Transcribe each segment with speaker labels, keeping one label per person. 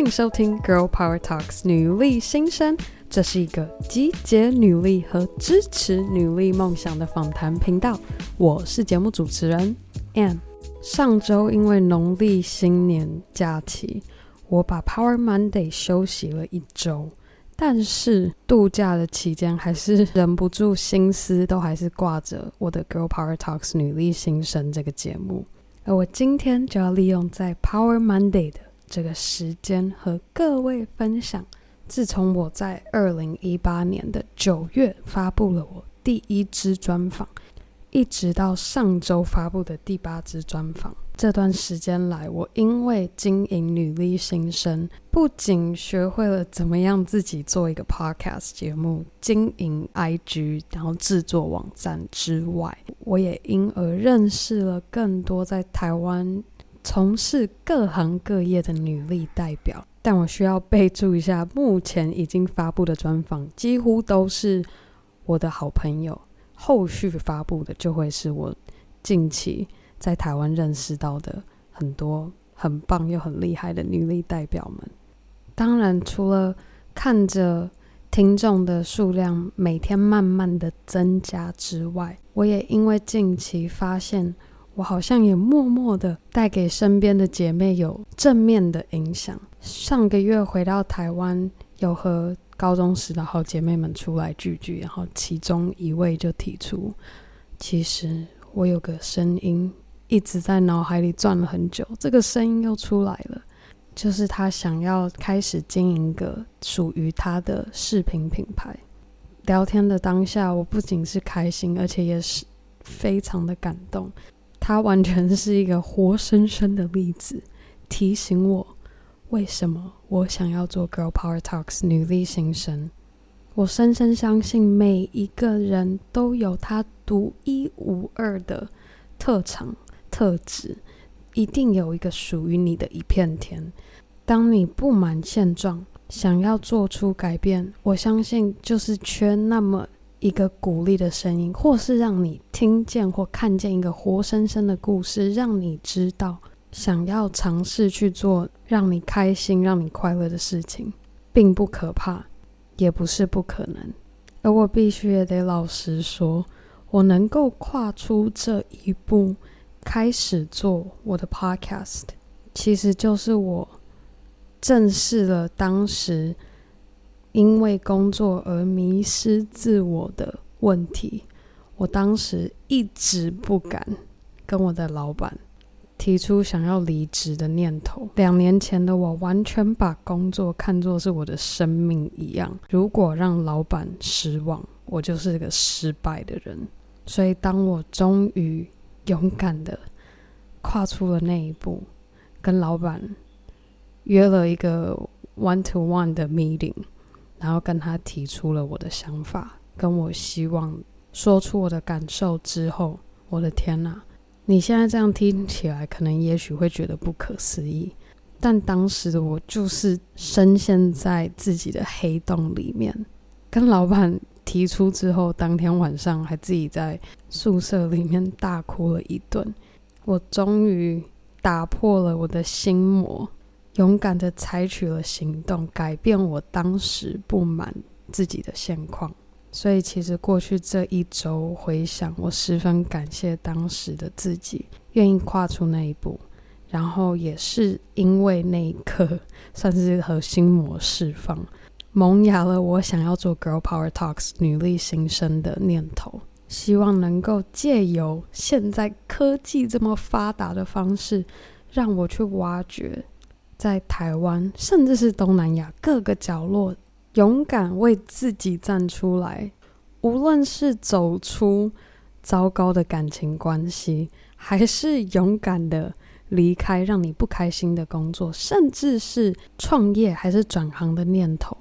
Speaker 1: 歡迎收聽《Girl Power Talks》女力心聲，這是一個集結女力和支持女力夢想的訪談頻道。我是節目主持人 Ann。上周因為農曆新年假期，我把 Power Monday 休息了一周，但是度假的期間還是忍不住心思都還是掛着我的《Girl Power Talks》女力心聲這個節目。而我今天就要利用在 Power Monday 的。這個時間和各位分享，自從我在二零一八年的九月發佈了我第一支專訪，一直到上周發佈的第八支專訪，這段時間來，我因為經營女力心聲，不僅學會了怎麼樣自己做一個 podcast 節目，經營 IG，然後製作網站之外，我也因而認識了更多在台灣。從事各行各業的女力代表，但我需要備註一下，目前已經發布的專訪幾乎都是我的好朋友。後續發布的就會是我近期在台灣認識到的很多很棒又很厲害的女力代表們。當然，除了看着聽眾的數量每天慢慢的增加之外，我也因為近期發現。我好像也默默的帶給身邊的姐妹有正面的影響。上個月回到台灣，有和高中時的好姐妹們出來聚聚，然後其中一位就提出，其實我有個聲音一直在腦海裡轉了很久，這個聲音又出來了，就是她想要開始經營個屬於她的視頻品牌。聊天的當下，我不僅是開心，而且也是非常的感動。他完全是一個活生生的例子，提醒我為什麼我想要做 Girl Power Talks 女力心聲。我深深相信，每一個人都有他獨一無二的特長特質，一定有一個屬於你的一片天。當你不滿現狀，想要做出改變，我相信就是缺那麼，一個鼓勵的聲音，或是讓你聽見或看見一個活生生的故事，讓你知道，想要嘗試去做讓你開心、讓你快樂的事情，並不可怕，也不是不可能。而我必須也得老實說，我能夠跨出這一步，開始做我的 Podcast，其實就是我正視了當時。因為工作而迷失自我的問題，我當時一直不敢跟我的老闆提出想要離職的念頭。兩年前的我，完全把工作看作是我的生命一樣。如果讓老闆失望，我就是個失敗的人。所以，當我終於勇敢的跨出了那一步，跟老闆約了一個 one to one 的 meeting。然後跟他提出了我的想法，跟我希望說出我的感受之後，我的天哪、啊！你現在這樣聽起來，可能也許會覺得不可思議，但當時的我就是深陷在自己的黑洞裡面。跟老板提出之後，當天晚上還自己在宿舍裡面大哭了一頓。我終於打破了我的心魔。勇敢地採取了行動，改變我當時不滿自己的現況。所以，其實過去這一周回想，我十分感謝當時的自己願意跨出那一步。然後，也是因為那一刻算是和心魔釋放，萌芽了我想要做 Girl Power Talks 女力心聲的念頭。希望能夠借由現在科技這麼發達的方式，讓我去挖掘。在台灣，甚至是東南亞各個角落，勇敢為自己站出來。無論是走出糟糕的感情關係，還是勇敢的離開讓你不開心的工作，甚至是創業還是轉行的念頭，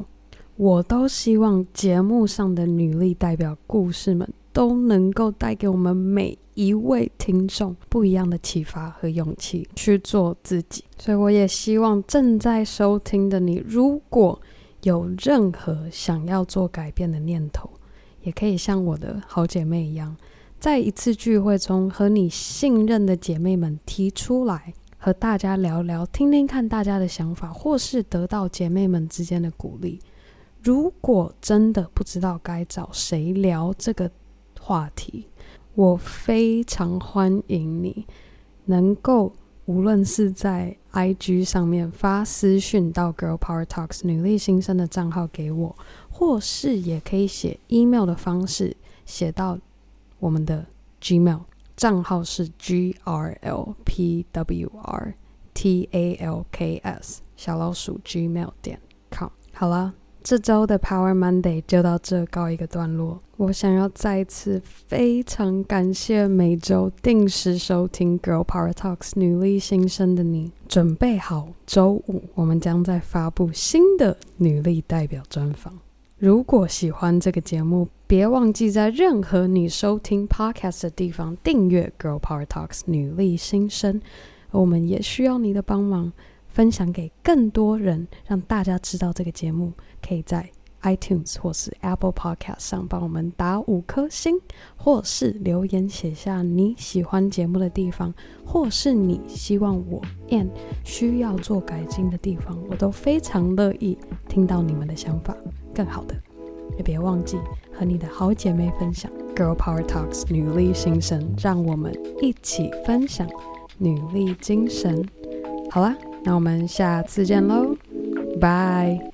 Speaker 1: 我都希望節目上的女力代表故事們都能夠帶給我們美一位聽眾不一樣的啟發和勇氣去做自己，所以我也希望正在收聽的你，如果有任何想要做改變的念頭，也可以像我的好姐妹一樣，在一次聚會中和你信任的姐妹們提出來，和大家聊聊，聽聽看大家的想法，或是得到姐妹們之間的鼓勵。如果真的不知道該找誰聊這個話題，我非常歡迎你能夠，無論是在 IG 上面發私訊到 Girl Power Talks 女力心聲的賬號給我，或是也可以寫 email 的方式寫到我們的 Gmail 賬號是 GRLPWRTALKS 小老鼠 Gmail 點 com 好。好了。這週的 Power Monday 就到這，告一個段落。我想要再次非常感謝每周定時收聽 Girl Power Talks 女力心聲的你。準備好，周五我們將在發布新的女力代表專訪。如果喜歡這個節目，別忘記在任何你收聽 Podcast 的地方訂閱 Girl Power Talks 女力心聲。我們也需要你的幫忙。分享給更多人，讓大家知道這個節目。可以在 iTunes 或是 Apple Podcast 上幫我們打五顆星，或是留言寫下你喜歡節目的地方，或是你希望我 and 需要做改進的地方，我都非常樂意聽到你們的想法。更好的，也別忘記和你的好姐妹分享 Girl Power Talks 女力心聲，讓我們一起分享女力精神。好啦。那我們下次見嘍，拜。